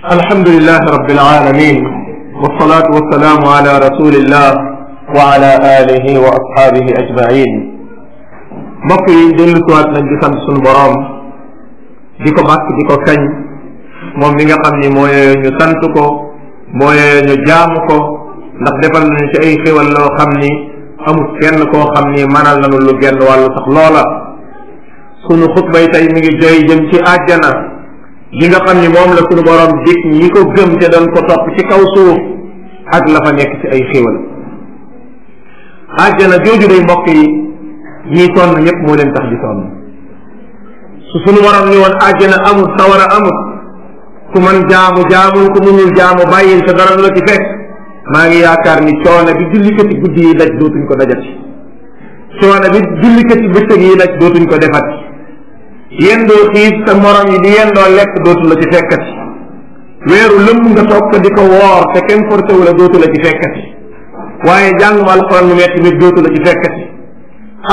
alhamdulilah rabbil alamin wasalaatu wasalaamu ala rasulillah wa ala alihi wa ashabihi ajmain mbokk yi dellusiwaat nañ di sant sunu boroom di ko bàkk di ko kañ moom mi nga xam ni mooyee ñu sant ko mooyee ñu jaamu ko ndax defal nañu ci ay xéwal loo xam ni amul kenn koo xam ni mënal nañu lu genn wàllu sax loola sunu xutbay tey mi ngi joy jëm ci àjjana li nga xam ni moom la suñu borom dig ñi ko gëm te ko topp ci kaw suuf ak la fa nekk ci ay xéwal àjjana jooju day mbokk yi ñiy sonn ñëpp moo leen tax di sonn su suñu borom ni woon àjjana amul sawara amul ku man jaamu jaamul ku munul jaamu bàyyil te dara la ci fekk maa ngi yaakaar ni coono bi jullikati guddi yi daj dootuñ ko dajati coono bi jullikati bëccëg yi daj dootuñ ko defati yendoo xiif sa morom yi di doo lekk dootu la ci fekkati weeru lëmb nga toog di ko woor te kenn forcé wu la dootu la ci fekkati waaye jàngum alxuraan mu metti mi la ci fekkati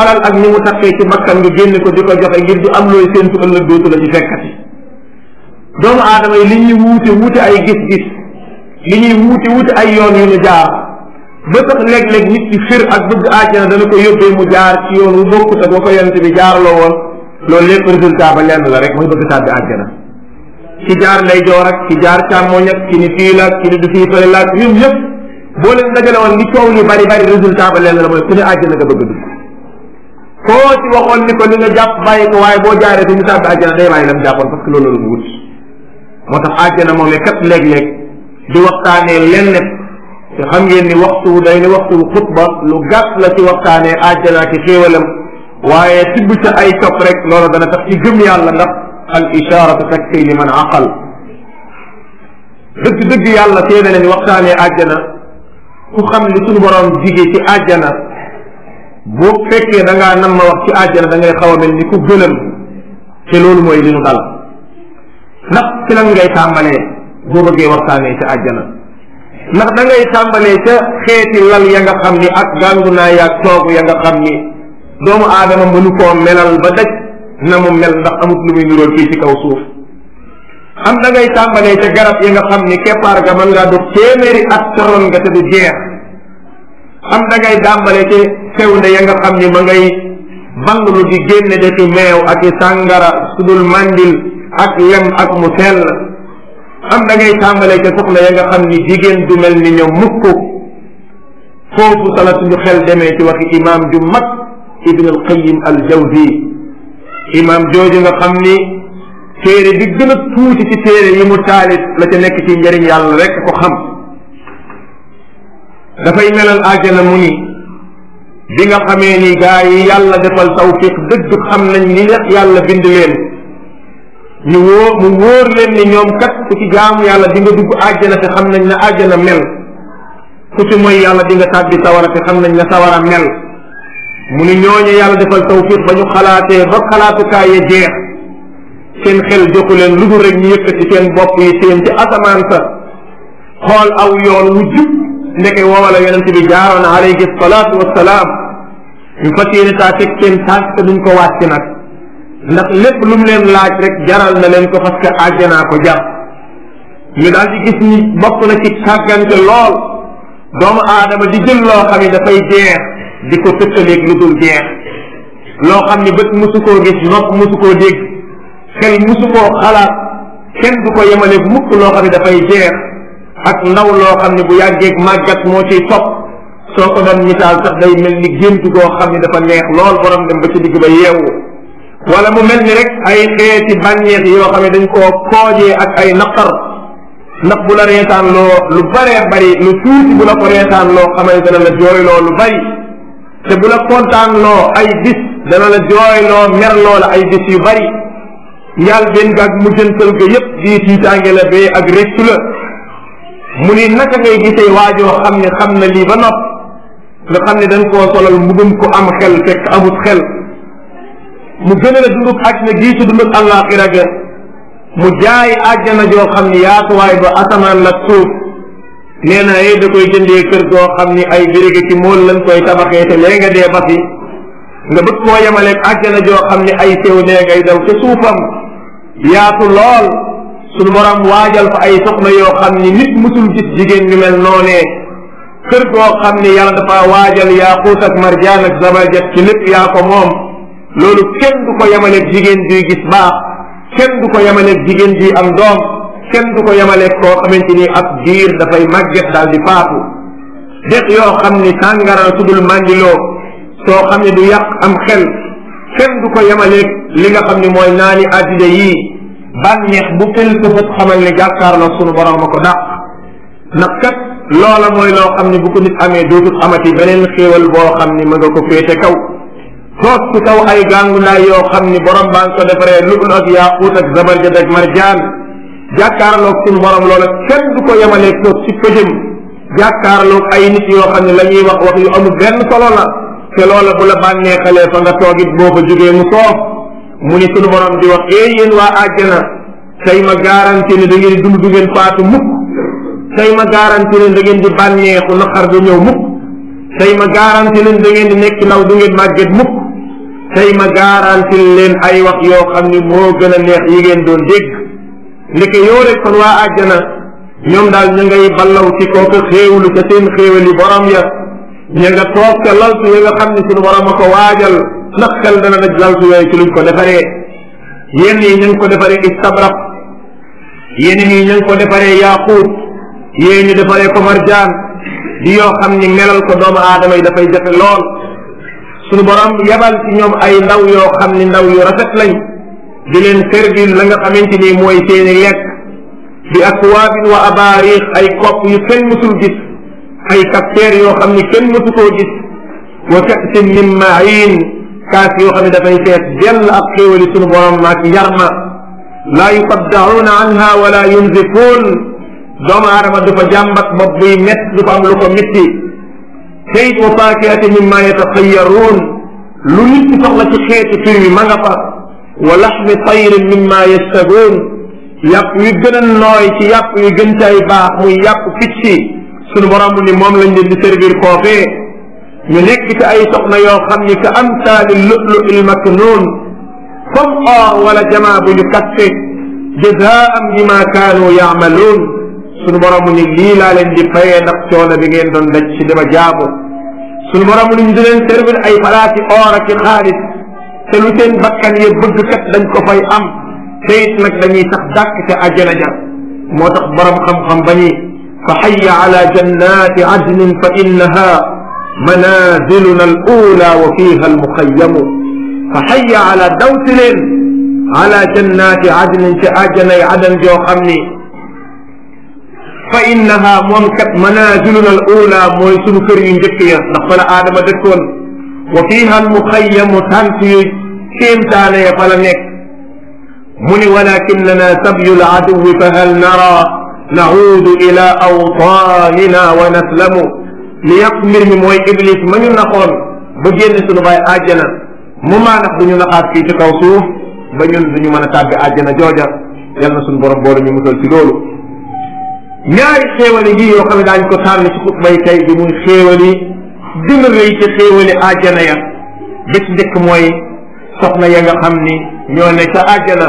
alal ak ni mu taxee ci bakkan nga génne ko di ko joxe ngir du am looy séentu ëllëg dootu la ci fekkati doomu aadama yi li ñuy wuute wuute ay gis-gis li ñuy wuute wuute ay yoon yu ñu jaar ba tax léeg-léeg nit ci fir ak bëgg àjjana dana ko yóbbee mu jaar ci yoon wu bokkut ak wa ko yonent bi jaarloo woon loolu lépp résultat ba lenn la rek mooy bëgg tàbbi àjjana ci jaar lay joor ak ci jaar càmmooñ ak ci ni fii la ci ni du fii fële la ñun ñëpp boo leen dajale woon ni coow li bari bari résultat ba lenn la mooy ku ne àjjana nga bëgg dugg koo ci waxoon ni ko li nga jàpp bàyyi ko waaye boo jaaree fi ñu tàbbi àjjana day bàyyi lam jàppoon parce que loolu la mu wut moo tax àjjana moom la kat léeg-léeg di waxtaanee lenn te xam ngeen ni waxtu day ni waxtu xutba lu gàtt la ci waxtaanee àjjana ci xéewalam waaye tibb ca ay cop rek loolu dana tax ci gëm yàlla ndax al isharatu takfi li man aqal dëgg-dëgg yàlla seede nañu waxtaanee àjjana ku xam li suñu borom jige ci àjjana boo fekkee da ngaa wax ci àjjana da ngay xaw a ni ku gëlëm te loolu mooy li ñu dal ndax ci lan ngay tàmbalee boo bëggee waxtaanee ci àjjana ndax da ngay tàmbalee ca xeeti lal ya xam ni ak gàngu naa yaag toogu ya xam ni doomu aadama mënu koo melal ba daj na mu mel ndax amut lu muy nirool fii ci kaw suuf xam da ngay tàmbalee ca garab yi nga xam ni keppaar ga man ngaa dox téeméeri at toroon nga te du jeex xam da ngay dàmbalee ca fewnde ya nga xam ni ma ngay banglu di génne defi meew ak i sàngara sudul mandil ak lem ak mu sell xam da ngay tàmbalee ca soxla ya nga xam ni jigéen du mel ni ñoom mukk foofu sala suñu xel demee ci waxi imaam ju mag ibn al qayim al jawzi imam jooju nga xam ni téere bi gën a tuuti ci téere yi mu taalif la ca nekk ci njëriñ yàlla rek ko xam dafay melal àjjana mu ni bi nga xamee ni gaa yi yàlla defal tawfiq dëgg xam nañ ni yàlla bind leen ñu wóor leen ni ñoom kat ci jaamu yàlla di nga dugg àjjana te xam nañ ne àjjana mel ku ci mooy yàlla di nga tàbbi sawara te xam nañ ne sawara mel mu ni ñooñu yàlla defal tawfiq ba ñu xalaatee ba xalaatukaay ya jeex seen xel joxu leen lu dul rek ñu yëkkati bopp yi seen ci asamaan sa xool aw yoon wu jub ndeke woowa la yonente bi jaaroon alayhi salaatu wassalaam ñu fas yéene saa teg seen tànk te duñ ko wàcc nag ndax lépp lu leen laaj rek jaral na leen ko parce que àjjanaa ko jar ñu daal gis ni bokk na ci sàggante lool doomu aadama di jël loo xam ne jeex di ko tëkkaleeg lu dul jeex loo xam ni bët mësu koo gis nopp mësu koo dégg xel mësu koo xalaat kenn du ko yemaleeg mukk loo xam ne dafay jeex ak ndaw loo xam ne bu yàggeeg màggat moo ciy topp soo ko doon misaal sax day mel ni gént goo xam ni dafa neex lool borom dem ba ci digg ba yeewu wala mu mel ni rek ay xeeti bànneex yoo xam ne dañ koo koojee ak ay naqar ndax bu la reetaan loo lu baree bari lu tuuti bu la ko reetaan loo xamante ne la jooyloo lu te bu la kontaanloo ay bis dana la jooyloo merloo la ay bis yu bari njaal benn mu ak mujjantal ga yépp di tiitaange la bee ak réccu la mu ni naka ngay gisee waajoo xam ne xam na lii ba nopp nga xam ne dañ koo mu mbubum ko am xel fekk amut xel mu gën a la dundug àddina gii su dundug àllaaxira mu jaay àjjana joo xam ne yaatuwaay ba asamaan la suuf nee na da koy jëndee kër goo xam ni ay birigi ci mool lañ koy tabaxee te lee nga dee basi nga bëgg koo yemaleeg àjjana joo xam ni ay sew nee ngay daw te suufam yaatu lool suñu borom waajal fa ay soxna yoo xam ni nit musul gis jigéen ñu mel noonee kër goo xam ni yàlla dafa waajal yaaquut ak marjaan ak zabarjat ci lépp yaa ko moom loolu kenn du ko yemaleeg jigéen juy gis baax kenn du ko yemaleeg jigéen juy am doom kenn du ko yemaleeg koo xamante ni ab diir dafay màgget daal di faatu dex yoo xam ni sàngara tuddul màndiloo too xam ne du yàq am xel kenn du ko yemaleeg li nga xam ni mooy naani addina yii bànneex bu fel safat xamal ne jàkkaarloo sunu borom a ko dàq ndax kat loola mooy loo xam ne bu ko nit amee dootul amati beneen xéewal boo xam ni ma nga ko féete kaw toog ci kaw ay gàngu ndaay yoo xam ni borom baa ngi ko defaree lu ak yaaquut ak zabarjad ak marjaan jàkkaarloog suñu borom loola kenn du ko yemaleeg toog ci pëjëm jàkkaarloog ay nit yoo xam ne lañuy wax wax yu amul benn solo la te loola bu la bànneexalee fa nga toog it boo fa jógee mu soof mu ni suñu borom di wax ee yéen waa àjjana tey ma garanti ne da ngeen di dund du ngeen faatu mukk tey ma garanti ne da ngeen di bànneexu naqar du ñëw mukk tey ma garanti leen da ngeen di nekk ndaw du ngeen màgget mukk tey ma garanti leen ay wax yoo xam ne moo gën a neex yi ngeen doon dégg ndeke yoo ko kon waa àjjana ñoom daal ña ngay ballaw ci kooku xéewlu ca seen xéewal yi borom ya ña nga toog ca ci ya xam ne suñu borom a ko waajal na xel dana daj laltu yooyu ci luñ ko defaree yenn yi ña ngi ko defaree istabraq yeneen yi defaree ñu defaree ko marjaan di yoo xam ni melal ko doomu aadama yi dafay jafe lool suñu borom yebal ci ñoom ay ndaw yoo xam ni ndaw yu rafet lañ di leen servir la nga xamante ni mooy seeni lekk bi akwaabin wa abaarix ay kopp yu kenn mësul ay kapteer yoo xam ni kenn mësu koo gis wa ka'sin min ma'in kaas yoo xam ne dafay fees dell ak xéewali sunu borom ak yarma laa yusaddauna anha wala yunzifun doomu aadama du fa jàmbat bopp buy mett du fa am lu ko métti sayit wa faakiati mimma yataxayaruun lu nit ci soxla ci xeeti fir ma nga fa wa laxmi tayrin mimma yastagoon yàpp yu gën a nooy ci yàpp yu gën cay baax muy yàpp picc sunu borom ni moom lañ leen di servir foofee ñu nekk ci ay na yoo xam ni ka amtaali lulu il maknuun comme or wala jamaa bu ñu katte jazaam bi ma kaanu yaamaluun sunu borom ni lii laa leen di fayee ndax coono bi ngeen doon daj ci dama jaamu sunu borom ni ñu di leen servir ay palaati or ak te lu seen bakkan ya bëgg kat dañ ko fay am te it nag dañuy sax dàkk ca àjjana ja moo tax borom xam-xam ba ni fa xayya ala jannati adnin fa innaha manaziluna al ula wa fiha al muxayyamu fa xayya ala dawsi leen ala jannati adnin ci àjjanay adan joo xam ni fa innaha moom kat manaziluna al ula mooy sunu kër yu njëkk ya ndax fa la aadama dëkkoon wa fiiha almuxayyamu tànt yu kéemtaane ya fa la nekk mu ni walakinnana sabyu aladuwi fa hal nara naudu ila awtaanina wa naslamu li yàpp mbir mi mooy iblis ma ñu naxoon ba génn suñu baay àjjana mu maa nax duñu naxaat fii ci kaw suuf ba ñun duñu mën a tàbbi àjjana jooja yal na suñu borom boole ñu musal ci loolu ñaari xéewali yi yoo xam ne daañu ko tànn ci xutbay tey bi muy xéewali gën a rëy ca xéewali àjjana ya bés njëkk mooy soxna ya nga xam ni ñoo ne ca àjjana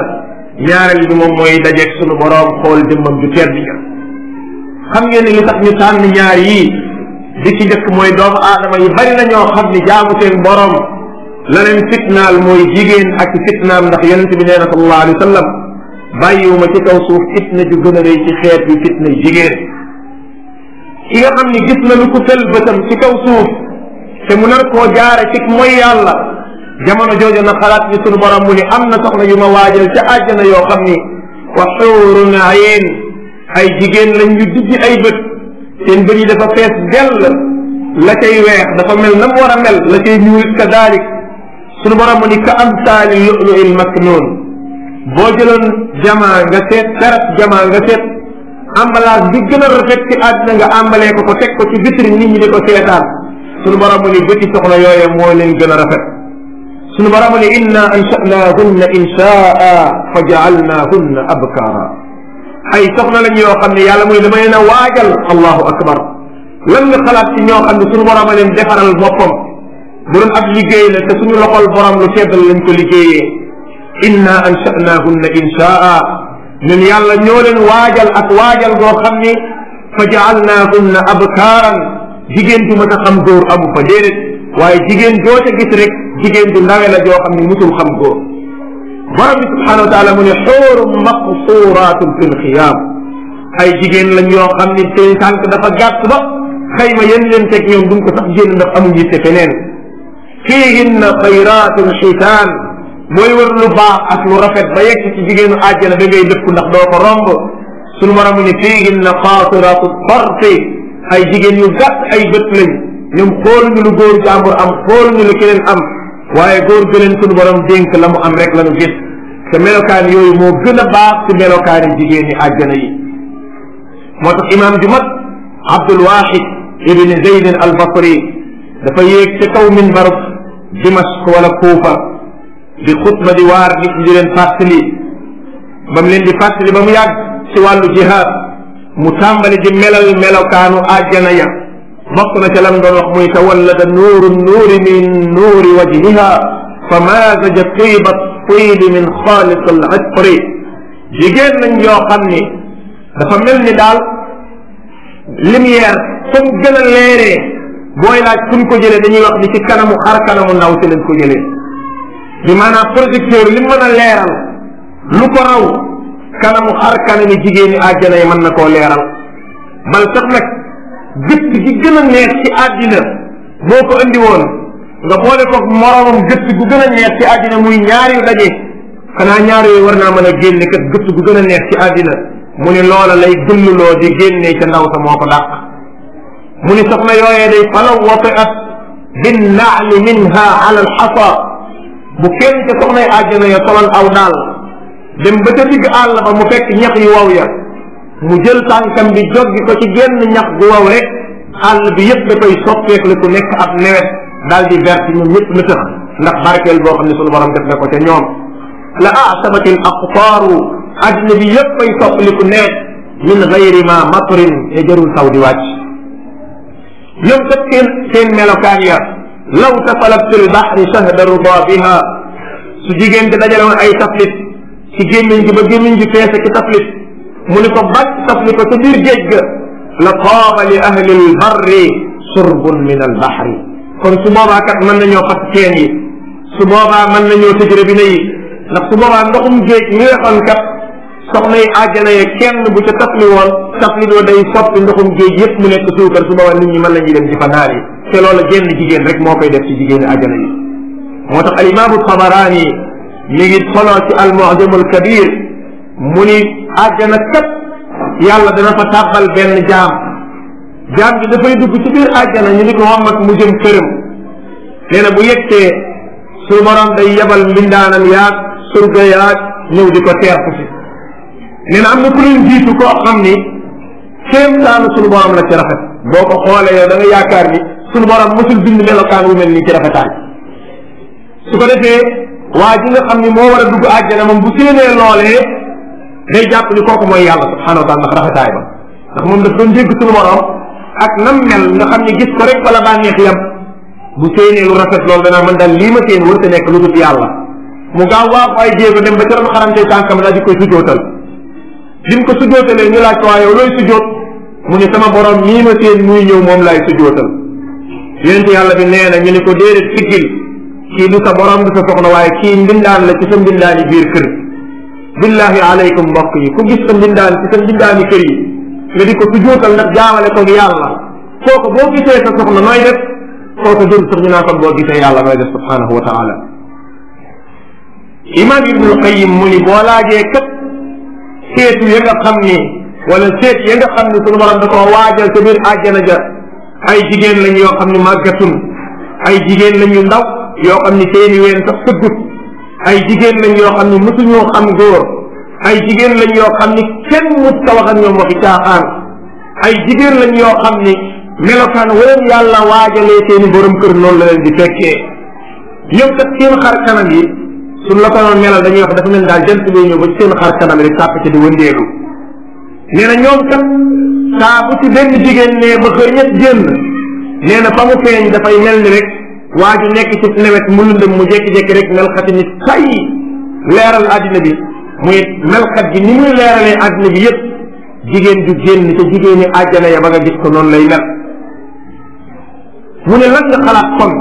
ñaareel bi moom mooy dajeeg sunu boroom xool jëmmam ju tedd ja xam ngeen ne li tax ñu tànn ñaar yii di njëkk mooy doomu aadama yi bari na ñoo xam ni jaamu seen boroom la leen fitnaal mooy jigéen ak fitnaam ndax yonente bi nee na sallallahu alayhi wa sallam bàyyiwuma ci kaw suuf fitna ju a rëy ci xeet bi fitna jigéen ki nga xam ni gis na lu ko fël bëtam ci kaw te mu nar koo jaare ci mooy yàlla jamono jooju na xalaat ni sunu borom mu am na soxna yu ma waajal ca àjjana yoo xam ni wa xuurun ayin ay jigéen lañu yu dijji ay bët seen bët yi dafa fees dell la cay weex dafa mel na mu war a mel la cay ñuul ka daalik sunu ka amsaali lulu il maknun boo jëloon jamaa nga seet darat jamaa nga seet emballage bi gën a rafet ci àddina nga embalee ko ko ci vitrine ni ñi di ko seetaan sunu borom mu ne bëti soxna yooye moo leen gën a rafet sunu borom mu ne inna ansha'naahunna insha'a fa ja'alnaahunna abkaara ay soxna lañ yoo xam ne yàlla muy dama leen a waajal allahu akbar lan nga xalaat ci ñoo xam ne sunu borom a leen defaral boppam bu doon ab liggéey la te suñu loxol borom lu seddal lañ ko inna ansha'naahunna insha'a ñun yàlla ñoo leen waajal ak waajal goo xam fa ja'alnaahunna abkaaran jigéen ju mën a xam góor amu fa déedéet waaye jigéen joo ca gis rek jigéen ju ndawe la joo xam ni musul xam góor wa taala mu ne xóorum maqsuratun fi lxiyaam ay jigéen lañ yoo xam ni seen tànk dafa gàtt ba xëy ma yéen leen teg ñoom duñ ko sax génn ndax amuñ yitte feneen fiihinna xayratun xitaan mooy rafet ba yegg ci jigéenu àjjana ngay dëkku ko romb sunu borom mu ay jigéen yu gàtt ay bët lañ ñoom xooluñu lu góor jàmbur am xooluñu lu keneen am waaye góor gëleen suñu borom dénk la mu am rek la ñu gis te melokaan yooyu moo gën a baax ci melokaani jigéen ñi àjjana yi moo tax imaam ju mag Abdul Wahid ibn Zayd al Basri dafa yéeg ca kaw min barab Dimask wala Kuufa di xutba di waar nit ñi di leen fàttali ba mu leen di ba mu yàgg ci wàllu jihaad mu tàmbali di melal melokaanu àjjana ya bokk na ca lam doon wax muy tawallada nuuru nuuri min nuuri wajhiha fa maazaja tiiba tiibi min xaaliq al itri jigéen nañ yoo xam ni dafa mel ni daal lumière fu mu gën a leeree booy laaj fu ñu ko jëlee dañuy wax ni ci kanamu xar kanamu ndaw si lañ ko jëlee bi maanaam projecteur li mën a leeral lu ko raw kanamu xar kanami jigéeni àjjana yi mën na ko leeral bal sax nag gëtt gi gën a neex ko andi woon nga boole koog moromam gëtt gu gën a neex ci àddina muy ñaar yu daje xanaa ñaar yooyu war naa mën a génne kat gëtt gu gën a neex ci àddina mu ni loola lay gëlluloo di génnee ca ndaw sa moo ko dàq mu ni soxna yooyee day falaw watiat bin naali minha ala alxasa bu kenn dem ba ca ba mu fekk ñax yu waw ya mu jël tànkam bi joggi ko ci genn ñax gu waw rek bi yëpp da koy soppeek la ku nekk ab nawet daal di verte ñoom na tëx ndax barkeel boo xam ne sunu borom def na ko ca ñoom la asabatil aqtaaru addina bi yëpp koy soppaliku neex min gayri ma matrin te jarul taw di wàcc ñoom kat seen seen melokaan ya law tafalat fil baxri shahda su jigéen te dajale woon ay taflit ci gémmiñ gi ba gémmiñ gi feese ki taflit mu ni ko bàcc tafli a ca biir géej ga la qaaba li ahli lbarri surbun min albahri kon su boobaa kat mën nañoo fat teen yi su boobaa mën nañoo tëj robinet yi ndax su boobaa ndoxum géej mi a kat soxna yi àjjana ya kenn bu ca tafli woon tafli doo day soppi ndoxum géej yépp mu nekk suukar su boobaa nit ñi mën nañu dem di fa naari te loola génn jigéen rek moo koy def ci jigéeni àjjana yi moo tax alimamu tabaraani mi ngi soloo ci almu'jam al kabir mu ni àjjana kat yàlla dana fa tàbbal benn jaam jaam bi dafay dugg ci biir àjjana ñu ni ko wammat mu jëm këram nee na bu yegsee suñu borom day yebal mbindaanam yaag surga yaag ñëw di ko teertu si na am na ku leen jiitu koo xam ni kéemtaanu suñu borom la ci rafet boo ko xoolee yow da nga yaakaar ni suñu borom mosul bind melokaan wu ci rafetaay su ko defee waa ji nga xam ni moo war a dugg àjjana moom bu séenee loolee day jàpp ni kooku mooy yàlla subhanahu wa taala ndax rafetaay ba ndax moom daf doon dégg suñu borom ak nam mel nga xam ni gis ko rek bala bànneex yam bu séenee lu rafet loolu danaa man daal lii ma séen te nekk lu dul yàlla mu gaaw waaxu ay jéego dem ba ca doon xaramtee tànkam daal di koy sujootal bi mu ko sujootalee e laaj ko waa yow looy sujoot mu ne sama borom mii ma séen muy ñëw moom laay sujootal yonente yàlla bi nee na ñu ne ko déedéet siggil kii du sa borom du sa soxna waaye kii mbindaan la ci sa mbindaani biir kër billahi aleykum mbokk yi ku gis sa mbindaan ci sa mbindaani kër yi nga di ko sujootal nag jaawale ko yàlla kooku boo gisee sa soxna nooy def kooku jur sax ñu naa kon boo gisee yàlla nooy def subhanahu wa taala imam ibnul qayim mu ni boo laajee kat seetu ya nga xam ni wala seet ya nga xam ni sunu borom da koo waajal sa biir àjjana ja ay jigéen lañ yoo xam ni màggatun ay jigéen lañ yu ndaw yoo xam ni seeni ween sax sëggut ay jigéen lañ yoo xam ni mësuñoo xam góor ay jigéen lañ yoo xam ni kenn mës ka wax ak ñoom waxi caaxaan ay jigéen lañ yoo xam ni melokaan waleen yàlla waajalee seeni borom kër noonu la leen di fekkee ñoom sax seen xar kanam yi suñ la ko noon melal dañuy wax dafa mel daal jant bi ñëw ba ci seen xar kanam rek sàpp ci di wëndeelu nee na ñoom kat saa bu ci benn jigéen ne ba xëy ñett nee na fa mu feeñ dafay mel ni rek waa ji nekk ci nawet mu lëndëm mu jékki-jékki rek melxati ni say leeral addina bi muy melxat gi ni muy leeralee addina bi yëpp jigéen du génn te jigéeni àjjana ya ba nga gis ko noonu lay mel mu ne lan nga xalaat kon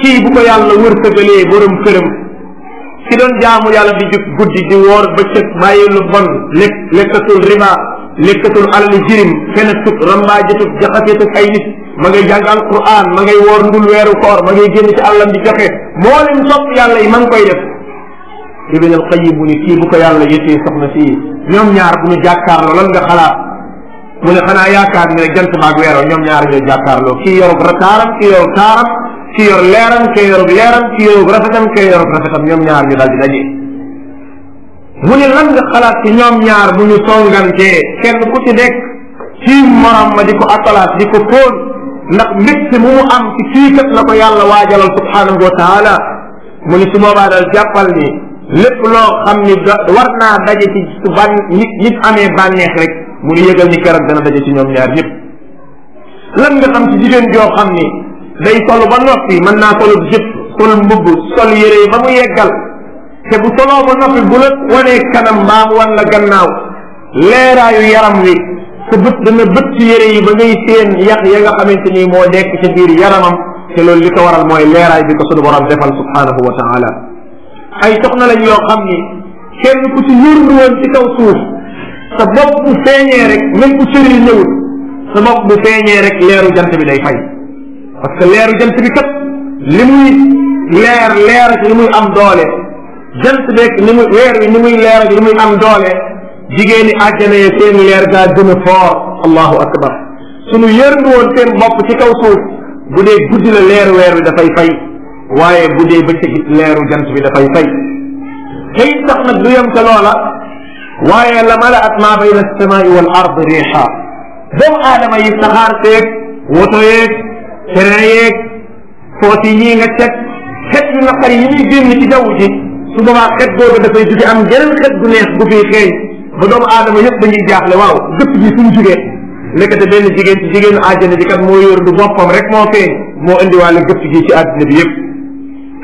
kii bu ko yàlla wërsëgalee borom këram ki doon jaamu yàlla di jug guddi di woor bëccëg bàyyi lu bon lekk lekkatul riba lekkatul alal jirim fenatug rambaajatul jaxaseetug ay nit ma ngay jàng alquran ma ngay woor ndul weeru koor ma ngay génn ci àllam di joxe moo leen sopp yàlla yi ma ngi koy def ibn al qayyim mu ne kii bu ko yàlla yëtee soxna si ñoom ñaar bu ñu jàkkaarloo lan nga xalaat mu ne xanaa yaakaar ni rek jant baag weeroo ñoom ñaar ñooy jàkkaarloo kii yorub rataaram kii yorub taaram kii yor leeram kii yorub leeram kii yorub rafetam ñoom ñaar ñu daal di daje mu ne lan xalaat ci ñoom ñaar bu ñu songantee kenn ku ci nekk ci morom ma di ko ndax mbégte mu mu am ci fii kat la ko yàlla waajalal subhaanahu wa taala mu ni su boobaa dal jàppal ni lépp loo xam ni war naa daje ci ban ñi ñi amee bànneex rek mu ni yëgal ni keroog dana daje ci ñoom ñaar ñëpp lan nga xam ci jigéen joo xam ni day sol ba noppi mën naa solub jëpp sol mbubb sol yi ba mu yeggal te bu soloo ba noppi bu la wanee kanam mbaam wan la gannaaw leeraayu yaram wi sa bët dana bët ci ba ngay seen yaq ya nga xamante ni moo nekk ci biir yaramam te loolu li ko waral mooy leeraay bi ko sunu borom defal subhanahu wa taala ay soxna lañ yoo xam ni kenn ku ci yërlu woon ci kaw suuf sa bopp bu feeñee rek même bu sëriñ ñëwul sa bopp bu feeñee rek leeru jant bi day fay parce que leeru jant bi kat li muy leer leer ak li muy am doole jant beeg ni muy weer wi li muy am doole jigéen ñi àjjana yi seen leer gaa gën a foor allahu akbar suñu yërndu woon seen ci kaw suuf bu dee la leer weer wi dafay fay waaye bu dee bëccëg leeru jant bi dafay fay xëy sax nag du yem ca loola waaye la malaat ma bayna alsamaai wal ard riixa doomu aadama yi saxaar seeg woto yeeg terrain yeeg footi ñii nga teg naqar yi ñuy génn ci jaww ji su boobaa xet boobu dafay jugi am geneen xet gu gu fiy ba doomu aadama yëpp dañuy jaaxle waaw dëkk bi fu mu jugee nekkate benn jigéen ci jigéenu àjjana ji kat moo yor du boppam rek moo feeñ moo indiwaale gëpp gi ci àddina bi yëpp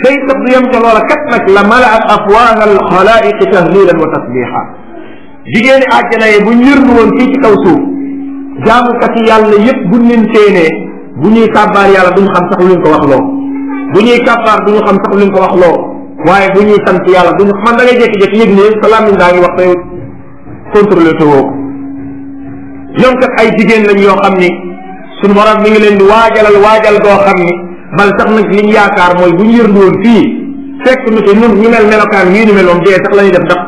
tey sab du yem ca loola kat nag la malaat afwaaha al xalaaiqi tahlilan wa tasbiha jigéeni àjjana yi bu ñërnu woon fii ci kaw suuf jaamukat yi yàlla yëpp buñ leen séenee bu ñuy kàbbaar yàlla duñu xam sax luñ ko wax loo bu ñuy kàbbaar duñu xam sax luñ ko wax loo waaye bu ñuy sant yàlla duñu man da ngay jékki-jékki yëg ne salaam daa wax tey contrôlé te woo ko kat ay jigéen lañ yoo xam ni suñu borom mi ngi leen di waajalal waajal goo xam ni bal sax nag yaakaar mooy bu ñu yërndu woon fii fekk nu te ñu melokaan yii ñu mel moom dee sax la ñuy def ndax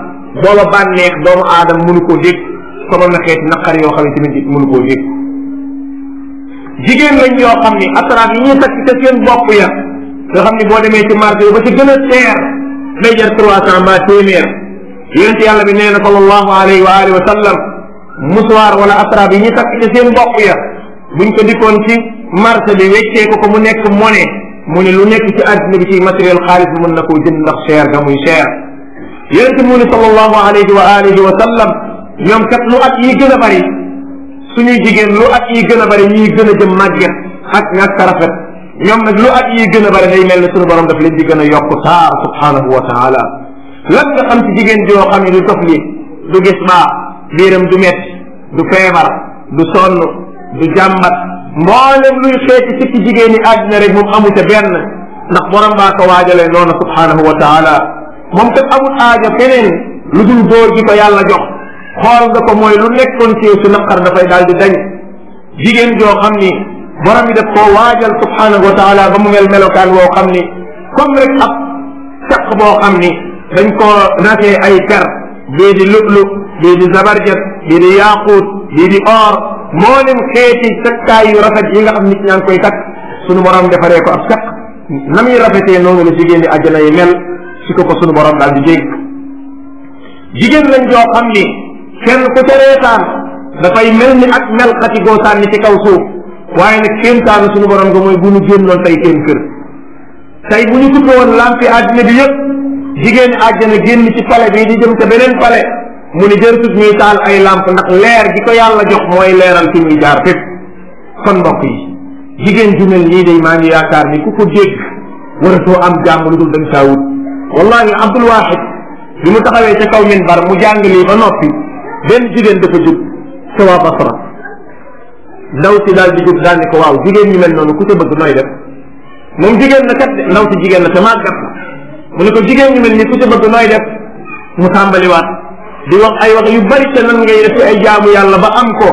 booba bànneex doomu aadama mënu koo dégg sobal na xeeti naqar yoo xam ni tamit it mënu koo dégg jigéen lañ yoo xam ni asaraat yi ñuy takk ca seen bopp ya nga xam ni boo demee ci marché ba ci gën a teer day jar trois cent mbaa téeméer yonent yàlla bi nee na sallallahu alayhi wa alihi wa sallam musuwaar wala atraab yi ñu takk ci seen bopp ya buñ ko dikkoon ci marché bi weccee ko ko mu nekk monnaie mu ne lu nekk ci àddina bi ci matériel xaalis mën na koo jënd ndax cher ga muy cher yonent mu ne sallallahu alayhi wa alihi wa sallam ñoom kat lu at yi gën a bari suñuy jigéen lu at yi gën a bari ñuy gën a jëm màgget ak ñàkk rafet ñoom nag lu at yi gën a bari day mel ne suñu borom daf leen di gën a yokk taar subhanahu wa taala lan nga xam ci jigéen joo xam ne du tofli du gis baax biiram du metti du feebar du sonn du jàmbat mboolem luy xeeti sikki jigéen ñi àddina rek moom amu ca benn ndax borom baa ko waajale noonu subhaanahu wa moom kat amul aaja feneen lu dul góor ko yàlla jox xool nga ko mooy lu nekkoon ci su naqar dafay daal di dañ jigéen joo xam ni borom bi daf koo waajal subhaanahu wa ba mu mel melokaan woo xam ni comme rek ab caq boo xam ni dañ ko rafee ay per bii di lublu bii di zabarjat bii di yaaquut bii di or moo mu xeeti takkaay yu rafet yi nga xam nit ñaa ngi koy takk sunu borom defaree ko ab saq na muy rafetee noonu la jigéen ñi àjjana yi mel si ko ko sunu borom daal di jégg jigéen lañ joo xam ni kenn ku ca reetaan dafay mel ni ak mel xati goo sànni ci kaw suuf waaye nag kéemtaanu sunu borom nga mooy bu nu génnoon tey seen kër tey bu ñu tuddee woon lampi àddina bi jigéen àjjana génn ci pale bii di jëm ca beneen pale mu ni jërëjëf ñuy taal ay lamp ndax leer gi ko yàlla jox mooy leeral fi muy jaar fépp kon mbokk yi jigéen ju mel nii day maa ngi yaakaar ni ku ko dégg waratoo am jàmm lu dul da nga saa wut wallahi Abdul Wahid bi mu taxawee ca kaw min bar mu jàng lii ba noppi benn jigéen dafa jóg ca waa Basra ndaw daal di jóg daal ni ko waaw jigéen ñu mel noonu ku ca bëgg nooy def moom jigéen na kat ndaw si jigéen la te mu ko jigéen ñi mel ni ku ci bëgg nooy def mu tàmbaliwaat di wax ay wax yu bari te nan ngay def ay jaamu yàlla ba am ko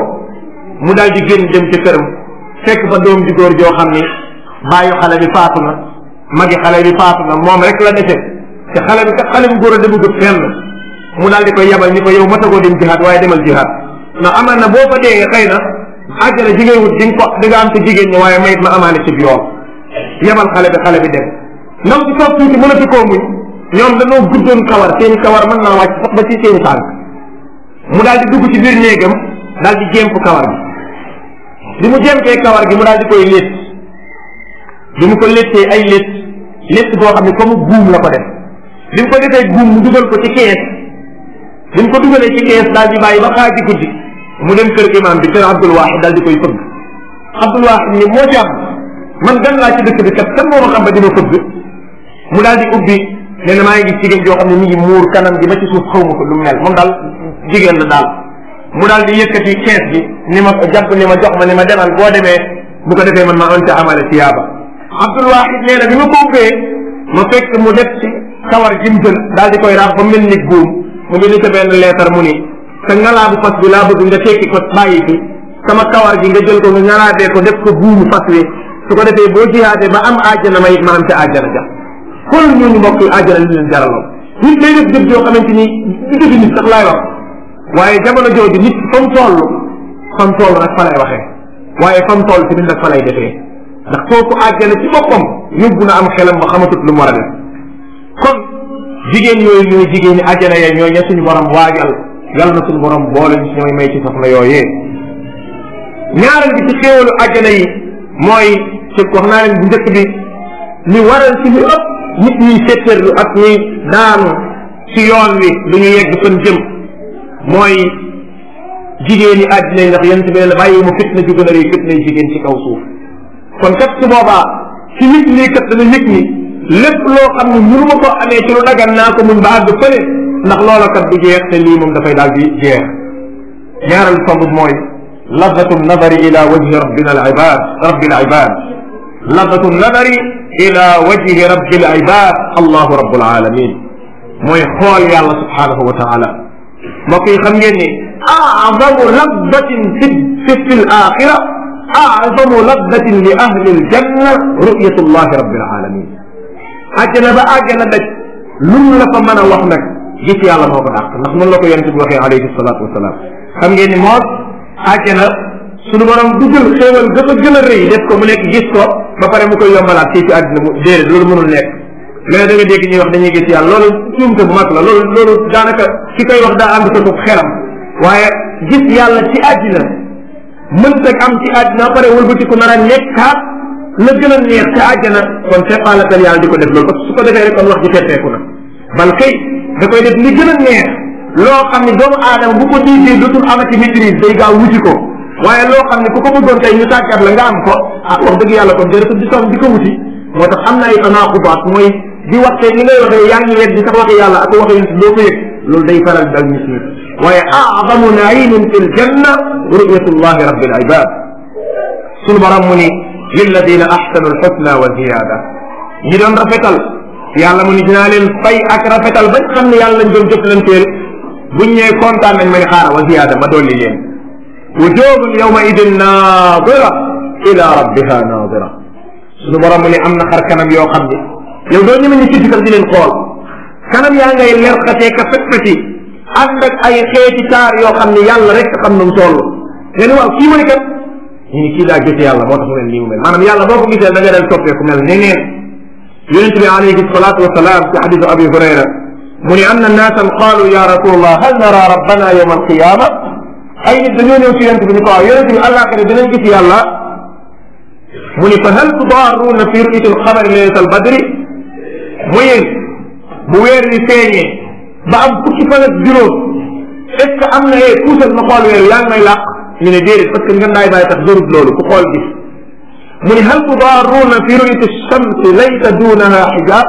mu daal di génn dem ci këram fekk fa doom ji góor joo xam ni baayu xale bi faatu na magi xale bi faatu na moom rek la dese te xale bi kat xale bu góor a dëgg fenn mu daal di koy yabal ni ko yow matagoo dem jihaad waaye demal jihaad na amaan na boo fa dee xëy na àjjana jigéen wut di nga ko di nga am ci jigéen ñi waaye mayit ma amaane ci biir yoon yabal xale bi xale bi dem. ndaw si toog tuuti mënatu koo muñ ñoom dañoo guddoon kawar seen kawar mën naa wàcc sax ba ci seen tànk mu daal di dugg ci biir néegam daal di jémp kawar gi bi mu jémpee kawar gi mu daal di koy létt bi mu ko léttee ay létt létt boo xam ne comme buum la ko def bi mu ko defee buum mu dugal ko ci ko dugalee ci kees daal di mu dem kër imaam bi kër Abdul Waaxid daal di koy fëgg Abdul Waaxid ni moo ci am man gan laa ci dëkk bi kat kan moo ma xam ba dina fëgg mu daal di ubbi nee na maa ngi gis jigéen joo xam ne mi ngi muur kanam gi ma ci suuf xaw ma ko lu mu mel moom daal jigéen la daal mu daal di yëkkati kees gi ni ma jàpp ni ma jox ma ni ma demal boo demee bu ko defee man ma anta amala siyaaba Abdul Wahid nee na bi ma ko ubbee ma fekk mu def ci kawar jim jël daal di koy raaf ba mel ni góom mu ngi ni sa benn leetar mu ni sa ngalaabu fas bi laa bëgg nga tekki ko bàyyi fi sama kawar gi nga jël ko nga ngalaabee ko def ko buumu fas wi ko defee boo jihaatee ba am àjjana ma it ma am ca àjjana xool ñooñu mbokk yi àjjana ñu leen jaraloon nit day def jëf joo xamante ni du waaye jamono jooju nit fa mu toll fa mu toll rek fa lay waxee waaye fa mu toll tamit nag fa lay defee ndax kooku àjjana ci boppam yóbbu na am xelam ba xamatut lu mu war a def kon jigéen yooyu ñooy jigéen ñi àjjana yee ñooy ña suñu borom waajal yàlla na suñu borom boole ñu ñooy may ci soxna yooyee ñaareel bi ci xéewalu yi mooy ci ko naa leen bi li waral ci lu ëpp ni ñuy séttërlu ak ñuy daanu ci yoon wi lu ñu yegg fan jëm mooy jigéen ñi àddina yi ndax yent bi la bàyyi mu fitna ju gën a rëy fitna yi jigéen ci kaw suuf kon kat su boobaa ci nit ñi kat dana nit ñi lépp loo xam ne mënu ma ko amee ci lu dagan naa ko mun ba àgg fële ndax loola kat du jeex te lii moom dafay daal di jeex ñaaral tomb mooy laddatu la ila wajhi rabbina al ibad rabbil ibad laddatu nadari ila wajhi rabbil ibad allahu rabbul alamin mooy xool yàlla subhanahu wa taala mbokk yi xam ngeen ni azamu labdatin fi fi fi l axira azamu labdatin li ahli l janna ruyatu llahi rabbil alamin àjjana ba àjjana daj lu mu la fa mën a wax nag gis yàlla moo ko dàq ndax noonu la ko yonente bi waxee alayhi salatu wasalaam xam ngeen ni moos àjjana suñu borom dugal xéewal gëpp a gën a rëy def ko mu nekk gis ko ba pare mu koy yombalaat fii ci àddina bu déedéet loolu mënul nekk mais da nga dégg ñuy wax dañuy gis yàlla loolu juumte bu mag la loolu loolu daanaka ki koy wax daa ànd ko xelam waaye gis yàlla ci àddina mënta am ci àddina pare wëlbatiku nar a nekkaat la gën a neex ca àjjana kon feqaalatal yàlla di ko def loolu parce que su ko defee rek kon wax ji fetteeku na bal kay da koy def li gën a neex loo xam ne doomu aadama bu ko diisee dootul amati maîtrise day gaaw wuti ko waaye loo xam ne ku ko bëggoon tey ñu tàggat la nga ko ah wax dëgg yàlla kon jërëjëf di sonn di ko wuti moo tax am na ay tanaaqubaat mooy di wax tey li ngay waxee yaa ngi yegg di sax waxe yàlla ak waxe yonent doo ko yëg loolu day faral dal nit ñi waaye a'zamu na'imin fil janna ru'yatullahi rabbil ibad sunu borom mu ni lilladina ahsanu alxusna wa ziyada ñi doon rafetal yàlla mu ni dinaa leen fay ak rafetal bañ xam ne yàlla lañ doon jëflanteel buñ ñee kontaan nañ ma ni wa ziyada ma dolli leen wujuhun yawma idin naadira ila rabbiha naadira suñu borom mu ne am na xar kanam yoo xam ne yow doo ñëme ñu ci dikkal di leen xool kanam yaa ngay lerxatee ka fekkati ànd ak ay xeeti taar yoo xam ne yàlla rek xam na mu toll nga ni waaw kii ma ne kat ñu ni kii daa gis yàlla moo tax mu mel nii mu mel maanaam yàlla boo ko gisee da nga del toppee ku mel neneen yonent bi alayhi salaatu wasalaam ci xadisu abi hurayra mu ne anna naasan qaalu ya rasulullah hal nara rabbana yawma alqiyama ay nit dañoo ñëw ci yonent bi ni ko waaw ah, yonent bi àllaaxira dinañ gis yàlla mu ni fa hal tudaaruuna fi ru'yatil xamari laylatal badri mu yéen bu weer wi feeñee ba am fukki fan ak juróom est ce que am na ay puusal ma xool weer yaa ngi may làq ñu ne déedéet parce que ngandaay bàyyi tax jorut loolu ku xool gis mu ni hal tudaaruuna fi ru'yati shamsi laysa duunaha xijaab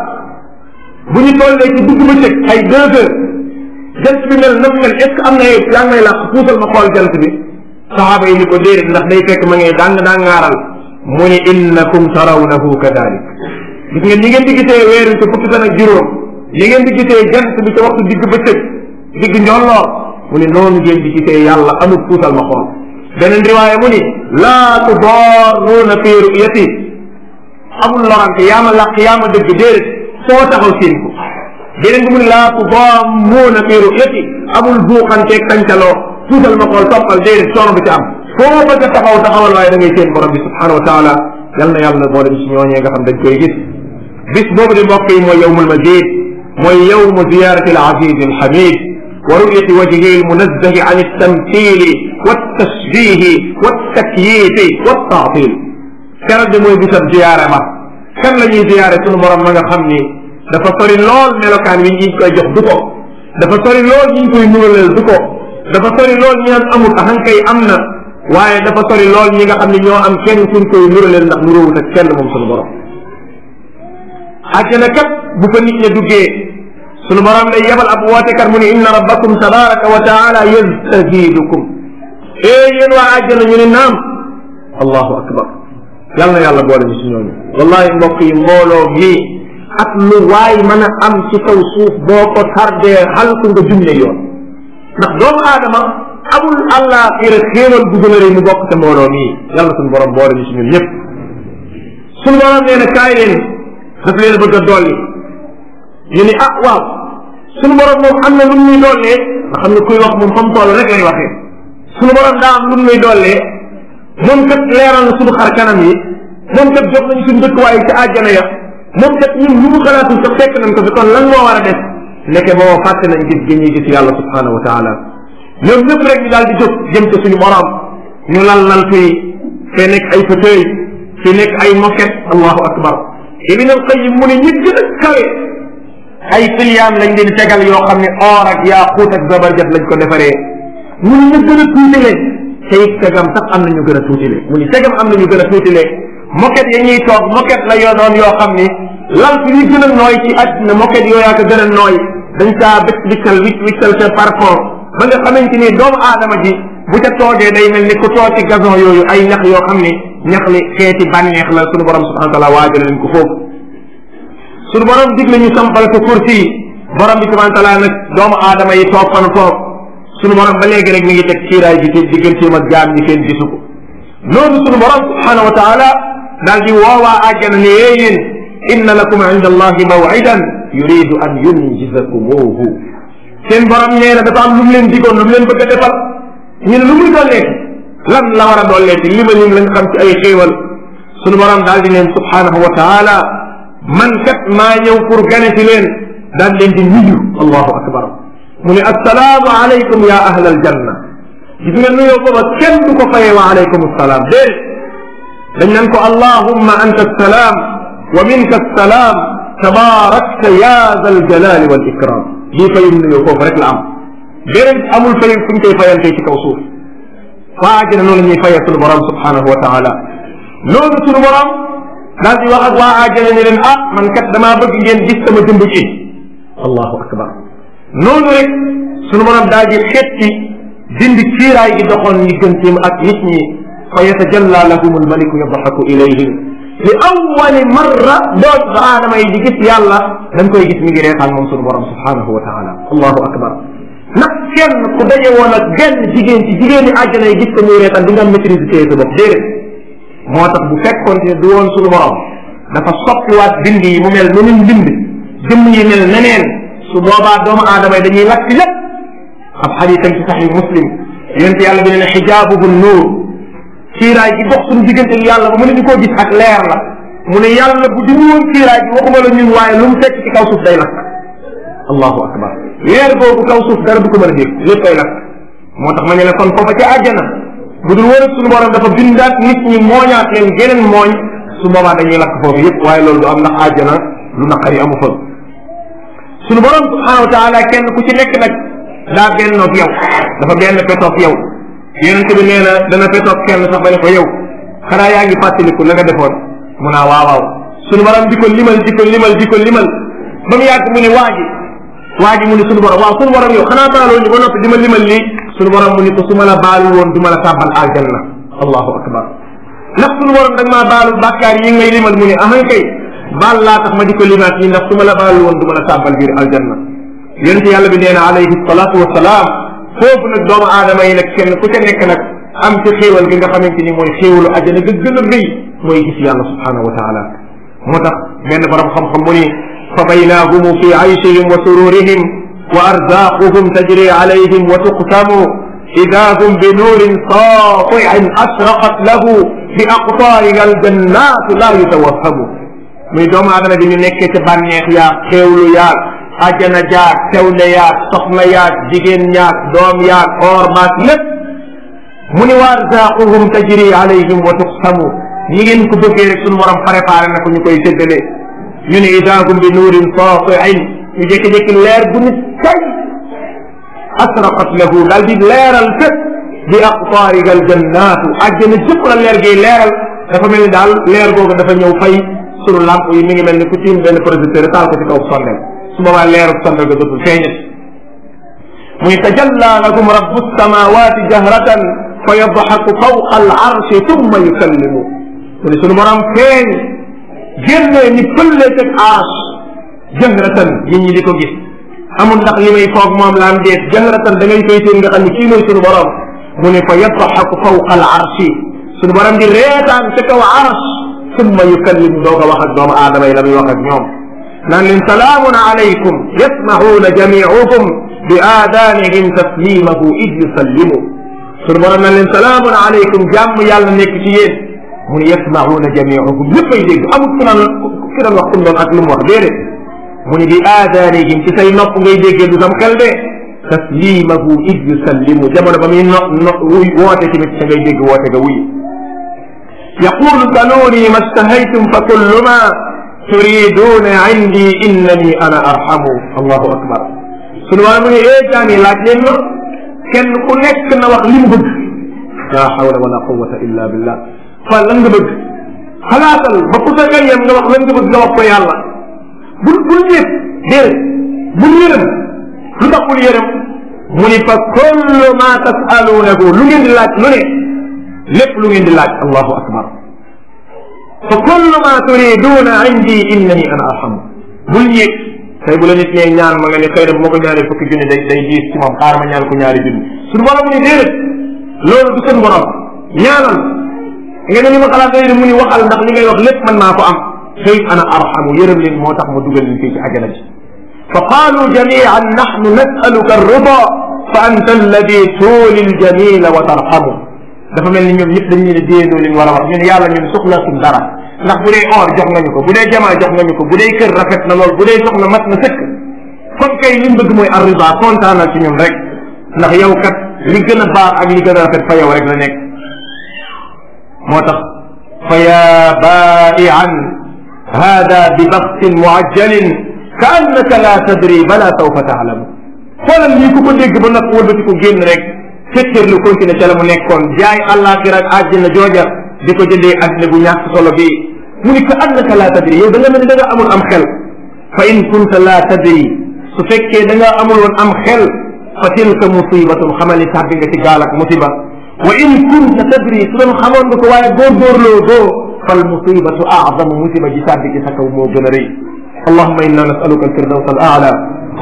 bu ñu tollee ci dugg bëccëg ay deux heures jant bi mel nam mel est ce que am na yaa ngi may làq puusal ma xool jant bi saxaaba yi ni ko déedéet ndax day fekk ma ngay dàng dàngaaral mu ne innakum tarawnahu kadalik gis ngeen ñi ngeen di gisee weer wi ci fukki fan ak juróom ñi ngeen di gisee jant bi ci waxtu digg bëccëg digg njolloor mu ne noonu ngeen di gisee yàlla amul puusal ma xool beneen riwaaya mu ni laa tudarruuna fi ru'yati amul lorante yaa ma làq yaa ma dëgg déedéet soo taxaw seen ko beneen bi mu ne laa tudaamuuna bi ru'yati amul buuxanteeg tàncaloo tuutal ma xool toppal déedéet coono bi ci am foo bëgg a taxaw taxawal waaye da ngay seen borom bi subhaanahu wa taala yal na yàlla boole ci ñooñee nga xam dañ koy gis bis boobu de mbokk yi mooy yawmul majiid mooy yawmu ziyaarati al aziz al hamid wa ru'yati wajhihi al munazzahi an at-tamthili wa at-tashbihi wa at-takyifi wa at-ta'til keroog de mooy bisab ziyaara ma kan la ñuy ziyaare sunu borom ma nga xam ni dafa sori lool melokaan wi ñu koy jox du ko dafa sori lool ñi ko koy nuraleel du ko dafa sori lool ñi am amul taxankay am na waaye dafa sori lool ñi nga xam ne ñoo am kenn kuñ koy nuraleel ndax nuróowut ak kenn moom suñu borom àjjana kat bu fa nit ña duggee suñu borom day yebal ab wootekat mu ne inna rabbakum tabaraka wa taala yastazidukum ee yéen waa àjjana ñu ne naam allahu akbar yal si ñooñu wallahi mbokk yi mbooloo mii ak lu waay mën a am ci kaw suuf boo ko tardee xalku nga junne yoon ndax doomu aadama amul àllaaxira xéewal bu gën mu bokk te mbooloo mii yàlla suñu borom boole ñu si ñun borom nee na kaay leen daf leen bëgg a dolli ñu ah, waaw suñu borom moom am na lu muy dollee nga xam ne kuy wax moom fa mu toll rek lay waxee borom daa am lu muy dollee moom kat leeral na suñu xar kanam yi moom kat jox nañu suñu dëkkuwaay ci moom kat ñun lu mu xalaatul sax fekk nañ ko fi kon lan moo war a def ndeke booba fàtte nañ gis gi ñuy gis yàlla subhanahu wa taala ñoom ñëpp rek ñu daal di jóg jëm ca suñu borom ñu lal lal fii fee nekk ay fauteuil fii nekk ay moquette allahu akbar ibn al qayim mu ne ñi gën a kawe ay piliyaan lañ leen tegal yoo xam ne or ak yaaquut ak zabarjat lañ ko defaree mu ne ñu gën a tuutile te it tegam am na ñu gën a tuutile mu ne tegam am na ñu gën a tuutile moket ya ñuy toog la yoo doon yoo xam ni lal li gën a nooy ci àddina moket yooyaa ko gën a nooy dañ saa bés wiccal wicc wiccal te parfum ba nga xamante ni doomu aadama ji bu ca toogee day mel ni ko toog ci gazon yooyu ay ñax yoo xam ni ñax li xeeti bànneex la sunu borom subhanahu wa taala waajal leen ko foofu sunu borom dig nañu sampal ko kursi yi borom bi subhanahu wa taala nag doomu aadama yi toog fanu toog sunu borom ba léegi rek mi ngi teg kiiraay bi ci digganteem ak jaam ñi kenn gisu ko daal di woowaa àjjana ne yee yéen inna lakum inda allahi mawidan yuridu an yunjizakumuhu seen borom nee na dafa am lu leen digoon lu mu leen bëgg a defal ñu ne lu muy dolleeti lan la war a dolleeti li ma lim la nga ci ay xéewal sunu borom daal di leen subhaanahu wa taala man kat maa ñëw pour ganesi leen daal leen di nuyu allahu akbar mu ne assalaamu aleykum ya ahlal janna gis nga nuyoo booba kenn du ko fayee wa aleykum salaam déedéet dañ naan ko allahumma anta salaam wa minka salaam tabaarakta yaa zal jalaali wal ikram lii fayum nuyoo foofu rek la am beneen amul fay fu ñu koy fayantee ci kaw suuf faajina noonu la ñuy fayee sunu borom subhanahu wa taala loolu sunu borom daal di wax ak waa àjjana ne leen ah man kat damaa bëgg ngeen gis sama dund ci allahu akbar noonu rek sunu borom daal di xeet ci dindi kiiraay gi doxoon ñi gën ci ak nit ñi fa yatajalla lahum almaliku yadhaku ilayhim li awali marra doomu aadama yi di gis yàlla dañ koy gis mi ngi reetaan moom sunu borom subhanahu wa taala allahu akbar nag kenn ku daje woon ak benn jigéen ci jigéen ñi àjjana yi gis ko muy reetaan di nga maîtrise tey sa bopp déedéet moo tax bu fekkoonte ne du woon sunu borom dafa soppiwaat bind yi mu mel neneen bind jëmm yi mel neneen su boobaa doomu aadama yi dañuy lakk lépp ab xadiisam ci saxi muslim yonent yàlla bi ne ne xijaabuhu nuur kiiraay gi dox suñu diggante ak yàlla ba mënuñu koo gis ak leer la mu ne yàlla bu dindi woon kiiraay gi waxuma la lu mu fekk ci kaw suuf day lakk allahu akbar leer boobu kaw suuf dara du ko mën a dégg lépp koy lakk moo tax ma ne la kon foofa ci àjjana bu dul wërëb suñu borom dafa bindaat nit ñi mooñaat leen geneen mooñ su boobaa dañuy lakk foofu yëpp waaye loolu du am ndax àjjana lu naqari amu fa suñu borom subhanahu wa taala kenn ku ci nekk nag daa bennoog yow dafa benn petoog yow yonent bi nee na dana fay toog kenn sax ba ne ko yow xanaa yaa ngi fàttaliku la nga defoon mu naa waaw waaw sunu borom di ko limal di ko limal di ko limal ba mu yàgg mu ne waa ji waa ji mu ne sunu borom waaw yow xanaa baaloo di ma limal lii sunu borom mu ne ko ma la baalu woon du ma la tàbbal aljanna allahu akbar ndax sunu borom da nga maa baalu bàkkaar yi ngay limal mu ne ahan kay baal laa tax ma di ko limaat yi ndax su ma woon du ma la tàbbal yàlla bi nee na alayhi salatu wasalaam foofu nag doomu aadama yi nag kenn ku ca nekk nag am ci xéewal gi nga xamante ni mooy xéewalu àjjana ga gën a rëy mooy gis yàlla subhaanahu wa taala moo tax benn borom xam-xam mu ni fa baynahum fi ayshihim wa sururihim wa arzaquhum tajri alayhim wa tuqsamu ida hum bi nuurin saatiin asraqat lahu bi aqtaariha aljannat la yutawahhamu muy doomu aadama bi ñu nekkee ca bànneex yaa xéewlu yaa ajjana jaag tewle yaag soxna yaag jigéen ñaag doom yaag or maag lépp mu ni waar zaaquhum tajri alayhim wa tuqsamu ñi ngeen ko bëggee rek suñu borom préparé na ko ñu koy séddale ñu ne idaagum bi nuurin satiin ñu jékki-jékki leer bu nit kay asraqat lahu daal di leeral fépp bi aqtaariha aljannaatu ajjana jëpp la leer gi leeral dafa mel ni daal leer googu dafa ñëw fay sunu lamp yi mi ngi mel ni ku tiim benn projecteur taal ko ci kaw sondeel su boobaa leeru sandal ga dootul feeñat muy tajalla lakum rabbu samawati jahratan fa yadhaku fawqa al arshi thumma yukallimu mu ne sunu borom feeñ génnee ni pëllee teg aas jahratan nit ñi di ko gis amul ndax li may foog moom laam deet jahratan da ngay koy seen nga xam ne kii mooy sunu borom mu ne fa yadhaku fawqa al arshi sunu borom di reetaan ca kaw ars thumma yukallimu doog a wax ak doomu aadama yi la muy wax ak ñoom naan leen salaamun alaykum yasmahuuna jamiuhum bi aadaanihim taslimahu id yusallimu sunu borom naan leen salaamun alaykum jàmm yàlla nekk ci yéen mu ne yasmahuuna jamiuhum ñëpp ay dégg amul ku naan ki doon wax ku doon ak lu mu wax déedéet mu ne bi aadaanihim ci say nopp ngay déggee du sam xel de taslimahu id yusallimu jamono ba muy no no wuy woote tamit sa ngay dégg woote ga wuy yaqulu saluni ma stahaytum fa kullu ma turiduuna indi innani ana arhamu allahu akbar sunu waa mu ne ee eh, jaam yi laaj leen ma kenn ku nekk na wax li mu bëgg la hawla wala quwwata illa billah fa lan nga bëgg xalaatal ba ku sa gan yam nga wax lan nga bëgg nga wax ko yàlla bul bul yëpp déedéet bul yërëm lu tax bul yërëm mu ni fa kullu ma tasaluunahu lu ngeen di laaj lu ne lépp lu ngeen di laaj allahu akbar fa kullu ma turiduuna indi innani ana arham bul yéeg tey bu la nit nee ñaan ma nga ne xëy na bu ma ko ñaanee fukki junni day day diis ci moom xaar ma ñaan ko ñaari junni suñu borom ni déedéet loolu du seen borom ñaanal nga ne li ma xalaat day mu ni waxal ndax li ngay wax lépp mën naa ko am xëy ana arhamu yërëm leen moo tax ma dugal leen fii ci ajana ji fa qaalu jamian nahnu nasaluka arrida fa anta alladi tuuli aljamila wa tarhamu dafa mel ni ñoom ñëpp dañ ñu ne déyandoo li ñu war a wax ñu ne yàlla ñun soxlaatul dara ndax bu dee or jox nañu ko bu dee jamaa jox nañu ko bu dee kër rafet na lool bu dee soxna mat na sëkk kon kay li mu bëgg mooy arriba kontaanal ci ñun rek ndax yow kat li gën a baax ak li gën a rafet fa yow rek la nekk moo tax fa yaa baa'ian hada bi baxtin muajjalin ka annaka la tadri bala sawfa taalamu xoolal ñii ku ko dégg ba nag wëlbati ko génn rek fetteer lu continué ca la mu nekkoon jaay àllaaxira ak àjjana jooja di ko jëndee àddina bu ñàkk solo bi mu ni ko annaka laa tadri yow da nga mel ni da nga amul am xel fa in kunta laa tadri su fekkee da nga amul woon am xel fa tilka musibatun xamal ni tàbbi nga ci gaal ak musiba wa in kunta tadri su doon xamoon nga ko waaye boo dóorloo doo fal musibatu azamu musiba ji tàbbi ci sa kaw moo gën a rëy allahumma inna nasaluka alfirdawsa al aala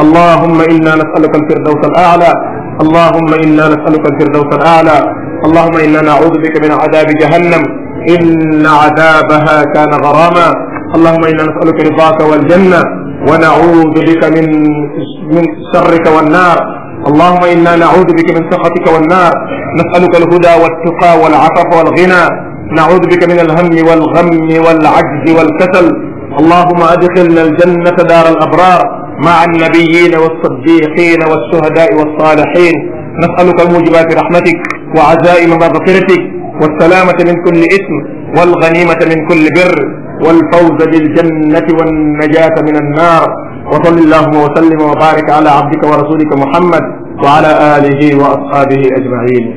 allahumma inna nasaluka alfirdawsa al aala اللهم إنا نسألك الفردوس الأعلى اللهم إنا نعوذ بك من عذاب جهنم إن عذابها كان غراما اللهم إنا نسألك رضاك والجنة ونعوذ بك من من شرك والنار اللهم إنا نعوذ بك من سخطك والنار نسألك الهدى والتقى والعفف والغنى نعوذ بك من الهم والغم والعجز والكسل اللهم أدخلنا الجنة دار الأبرار مع النبيين والصديقين والشهداء والصالحين نسألك موجبات رحمتك وعزائم مغفرتك والسلامة من كل إثم والغنيمة من كل بر والفوز بالجنة والنجاة من النار وصل اللهم وسلم وبارك على عبدك ورسولك محمد وعلى آله وأصحابه أجمعين